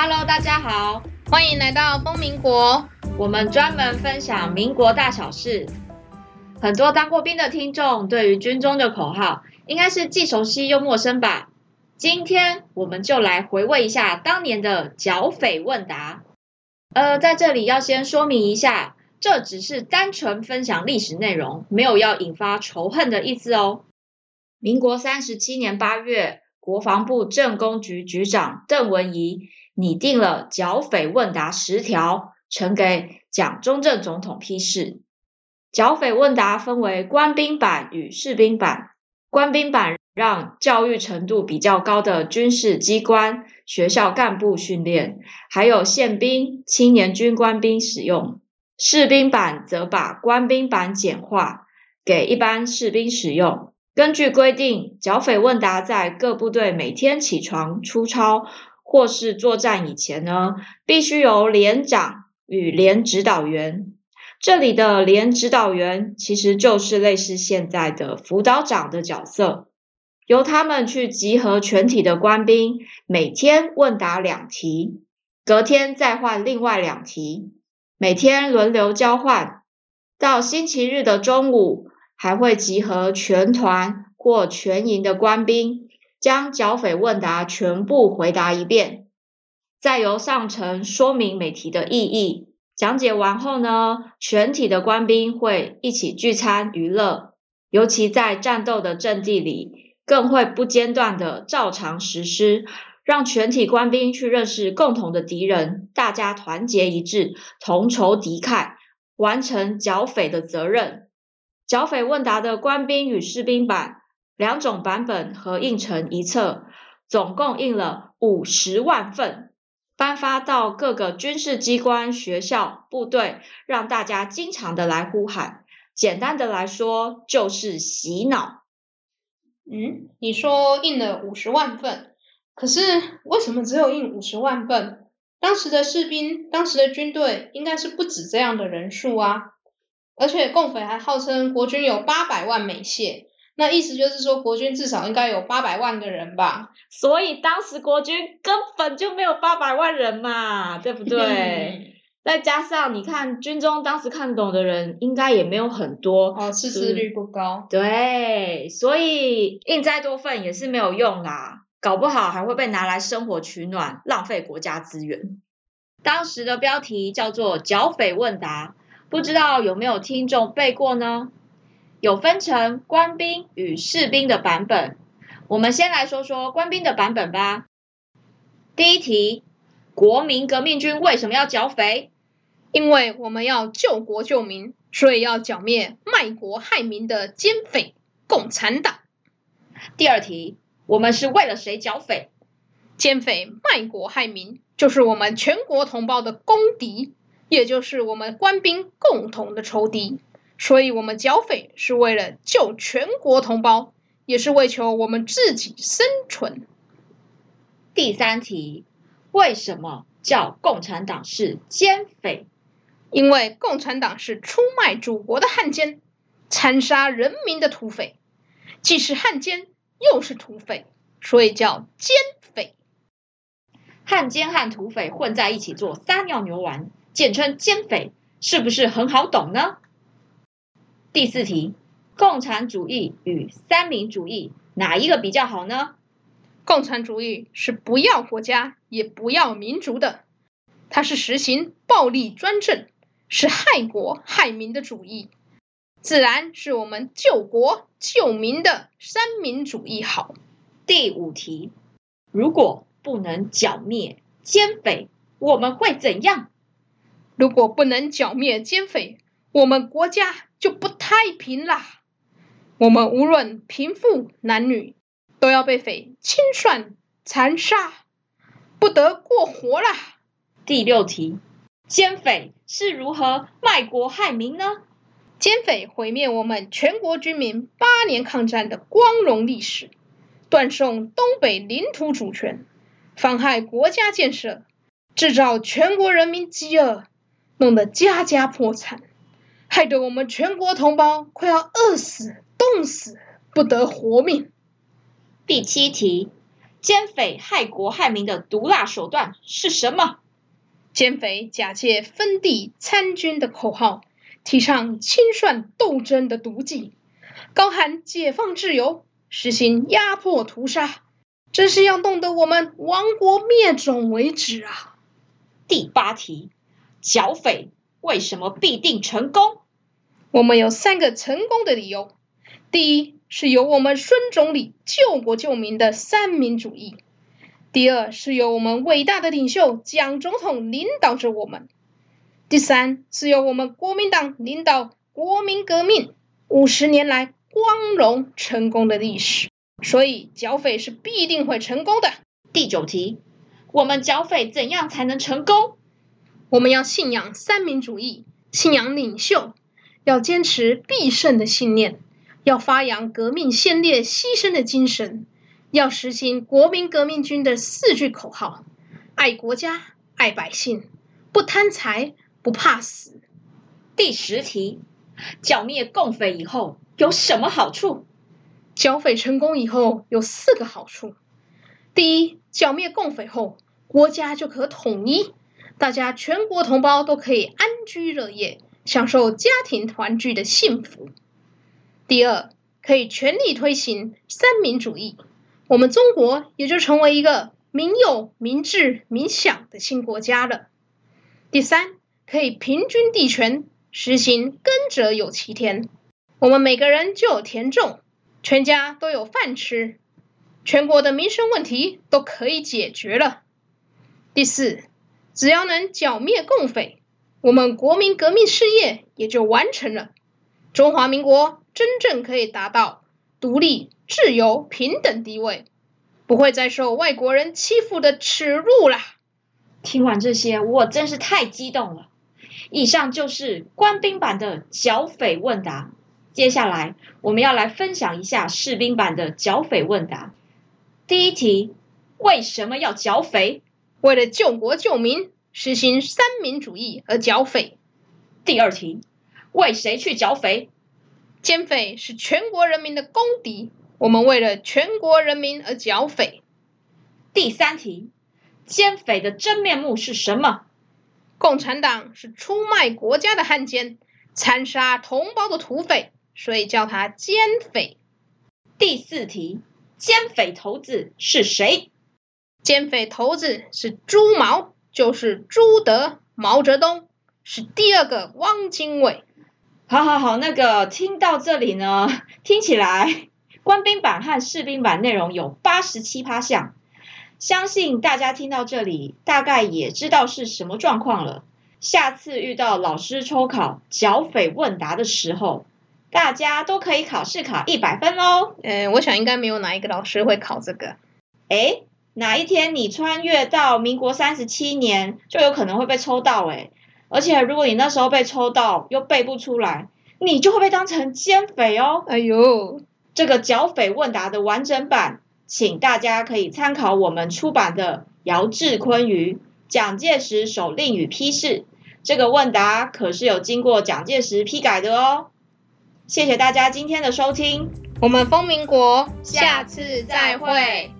Hello，大家好，歡迎來到《瘋民國》， 我們專門分享民國大小事。很多當過兵的聽眾對於軍中的口號，應該是既熟悉又陌生吧？今天我們就來回味一下當年的剿匪問答。呃，在這裡要先說明一下，這只是單純分享歷史內容，沒有要引發仇恨的意思哦。民國三十七年八月，國防部政工局局長鄧文儀。擬定了剿匪問答十條，呈給蔣中正總統批示。剿匪問答分為官兵版與士兵版。官兵版讓教育程度比較高的軍事機關、學校幹部訓練，還有憲兵、青年軍官兵使用。士兵版則把官兵版簡化，給一般士兵使用。根據規定，剿匪問答在各部隊每天起床出操。或是作戰以前呢，必須由連長與連指導員，這裡的連指導員其實就是類似現在的輔導長的角色，由他們去集合全體的官兵，每天問答兩題，隔天再換另外兩題，每天輪流交換，到星期日的中午，還會集合全團或全營的官兵。將剿匪問答全部回答一遍，再由上層說明每題的意義。講解完後呢，全體的官兵會一起聚餐娛樂，尤其在戰鬥的陣地裡，更會不間斷地照常實施，讓全體官兵去認識共同的敵人，大家團結一致，同仇敵愾，完成剿匪的責任。剿匪問答的官兵與士兵版，兩種版本合印成一冊，總共印了五十萬份，頒發到各個軍事機關、學校、部隊，讓大家經常的來呼喊。簡單的來說，就是洗腦。嗯，你說印了五十萬份，可是為什麼只有印五十萬份？當時的士兵，當時的軍隊應該是不止這樣的人數啊！而且，共匪還號稱國軍有八百萬美械。那意思就是說，國軍至少應該有八百萬的人吧，所以當時國軍根本就沒有八百萬人嘛，對不對？ 再加上你看，軍中當時看懂的人應該也沒有很多，哦，識字率不高。對，所以印再多份也是沒有用啦，啊，搞不好還會被拿來生火取暖，浪費國家資源。當時的標題叫做《剿匪問答》，不知道有沒有聽眾背過呢？嗯有分成官兵與士兵的版本，我們先來說說官兵的版本吧。第一題，國民革命軍為什麼要剿匪？因為我們要救國救民，所以要剿滅賣國害民的奸匪共產黨。第二題，我們是為了誰剿匪？奸匪賣國害民，就是我們全國同胞的公敵，也就是我們官兵共同的仇敵。所以，我們剿匪是為了救全國同胞，也是為求我們自己生存。第三題，為什麼叫共產黨是奸匪？因為共產黨是出賣祖國的漢奸，殘殺人民的土匪，既是漢奸又是土匪，所以叫奸匪。漢奸和土匪混在一起做撒尿牛丸，簡稱奸匪，是不是很好懂呢？第四題，共產主義與三民主義哪一個比較好呢？共產主義是不要國家，也不要民族的，它是實行暴力專政，是害國害民的主義，自然是我們救國救民的三民主義好。第五題，如果不能剿滅奸匪，我們會怎樣？如果不能剿滅奸匪，我們國家就不太平啦！我們無論貧富男女，都要被匪清算殘殺，不得過活啦。第六題，奸匪是如何賣國害民呢？奸匪毀滅我們全國軍民八年抗戰的光榮歷史，斷送東北領土主權，妨害國家建設，製造全國人民飢餓，弄得家家破產。害得我們全國同胞快要餓死、凍死不得活命。第七題，奸匪害國害民的毒辣手段是什麼？奸匪假借分地、參軍的口號，提倡清算鬥爭的毒計，高喊解放自由，實行壓迫屠殺，真是要弄得我們亡國滅種為止啊！第八題，剿匪為什麼必定成功？我們有三個成功的理由：第一是由我們孫總理救國救民的三民主義；第二是由我們偉大的領袖蔣總統領導着我們；第三是由我們國民黨領導國民革命五十年來光榮成功的歷史。所以剿匪是必定會成功的。第九題：我們剿匪怎樣才能成功？我們要信仰三民主義，信仰領袖，要堅持必勝的信念，要發揚革命先烈犧牲的精神，要實行國民革命軍的四句口號：愛國家、愛百姓、不貪財、不怕死。第十題：剿滅共匪以後有什麼好處？剿匪成功以後有四個好處：第一，剿滅共匪後，國家就可統一。大家，全國同胞都可以安居樂業，享受家庭團聚的幸福。第二，可以全力推行三民主義，我們中國也就成為一個民有、民治、民享的新國家了。第三，可以平均地權，實行耕者有其田，我們每個人就有田種，全家都有飯吃，全國的民生問題都可以解決了。第四。只要能剿滅共匪，我們國民革命事業也就完成了，中華民國真正可以達到獨立、自由、平等地位，不會再受外國人欺負的恥辱啦！聽完這些，我真是太激動了。以上就是官兵版的剿匪問答，接下來我們要來分享一下士兵版的剿匪問答。第一題：為什麼要剿匪？為了救國救民，實行三民主義而剿匪。第二題，為誰去剿匪？奸匪是全國人民的公敵，我們為了全國人民而剿匪。第三題，奸匪的真面目是什麼？共產黨是出賣國家的漢奸，殘殺同胞的土匪，所以叫他奸匪。第四題，奸匪頭子是誰？剿匪頭子是朱毛，就是朱德、毛澤東，是第二個汪精衛。好，好，好，那個聽到這裡呢，聽起來官兵版和士兵版內容有八十七趴像，相信大家聽到這裡大概也知道是什麼狀況了。下次遇到老師抽考奸匪問答的時候，大家都可以考試考一百分哦。嗯、呃，我想應該沒有哪一個老師會考這個。誒哪一天你穿越到民國三十七年，就有可能會被抽到誒，而且如果你那時候被抽到又背不出來，你就會被當成奸匪哦！哎呦，這個剿匪問答的完整版，請大家可以參考我們出版的《遙制坤輿：蔣介石手令與批示》。這個問答可是有經過蔣介石批改的哦！謝謝大家今天的收聽，我們瘋民國下次再會。